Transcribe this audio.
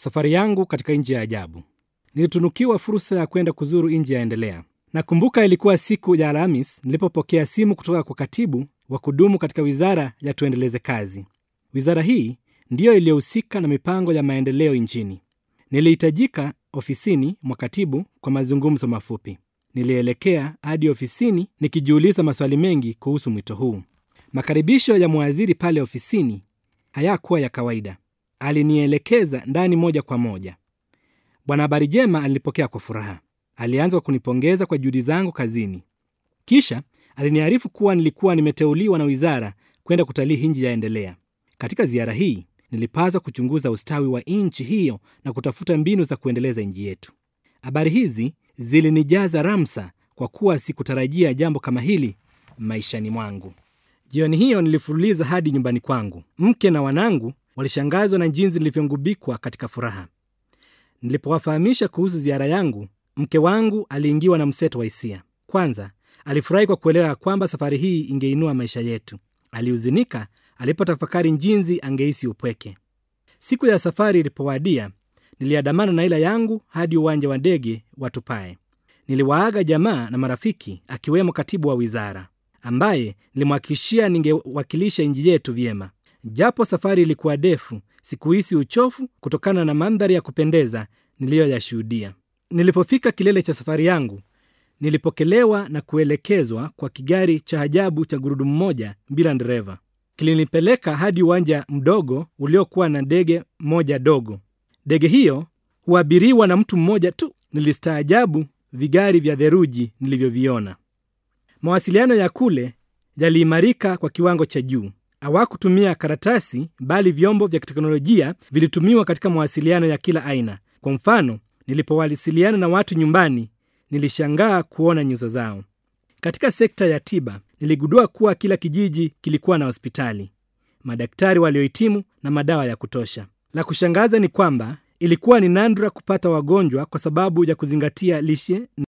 Safari yangu katika nji ya ajabu. Nilitunukiwa fursa ya kwenda kuzuru nji yaendelea. Nakumbuka ilikuwa siku ya Alhamis nilipopokea simu kutoka kwa katibu wa kudumu katika wizara ya tuendeleze kazi. Wizara hii ndiyo iliyohusika na mipango ya maendeleo nchini. Nilihitajika ofisini mwa katibu kwa mazungumzo mafupi. Nilielekea hadi ofisini nikijiuliza maswali mengi kuhusu mwito huu. Makaribisho ya mwaziri pale ofisini hayakuwa ya kawaida alinielekeza ndani moja kwa moja. Bwana habari jema alinipokea kwa furaha. Alianza kwa kunipongeza kwa juhudi zangu kazini, kisha aliniarifu kuwa nilikuwa nimeteuliwa na wizara kwenda kutalii hinji yaendelea. Katika ziara hii nilipaswa kuchunguza ustawi wa nchi hiyo na kutafuta mbinu za kuendeleza nchi yetu. Habari hizi zilinijaza ramsa kwa kuwa sikutarajia jambo kama hili maishani mwangu. Jioni hiyo nilifululiza hadi nyumbani kwangu. Mke na wanangu walishangazwa na jinsi nilivyogubikwa katika furaha. Nilipowafahamisha kuhusu ziara yangu, mke wangu aliingiwa na mseto wa hisia. Kwanza alifurahi kwa kuelewa ya kwamba safari hii ingeinua maisha yetu. Alihuzunika alipotafakari jinsi angehisi upweke. Siku ya safari ilipowadia, niliandamana na ila yangu hadi uwanja wa ndege wa Tupae. Niliwaaga jamaa na marafiki, akiwemo katibu wa wizara ambaye nilimhakikishia ningewakilisha nchi yetu vyema. Japo safari ilikuwa defu, sikuhisi uchovu kutokana na mandhari ya kupendeza niliyoyashuhudia. Nilipofika kilele cha safari yangu, nilipokelewa na kuelekezwa kwa kigari cha ajabu cha gurudumu moja bila dereva. Kilinipeleka hadi uwanja mdogo uliokuwa na ndege moja dogo. Ndege hiyo huabiriwa na mtu mmoja tu. Nilistaajabu vigari vya theruji nilivyoviona. Mawasiliano ya kule yaliimarika kwa kiwango cha juu hawakutumia karatasi bali vyombo vya teknolojia vilitumiwa katika mawasiliano ya kila aina. Kwa mfano, nilipowasiliana na watu nyumbani, nilishangaa kuona nyuso zao. Katika sekta ya tiba, niligundua kuwa kila kijiji kilikuwa na hospitali, madaktari waliohitimu na madawa ya kutosha. La kushangaza ni kwamba ilikuwa ni nadra kupata wagonjwa kwa sababu ya kuzingatia lishe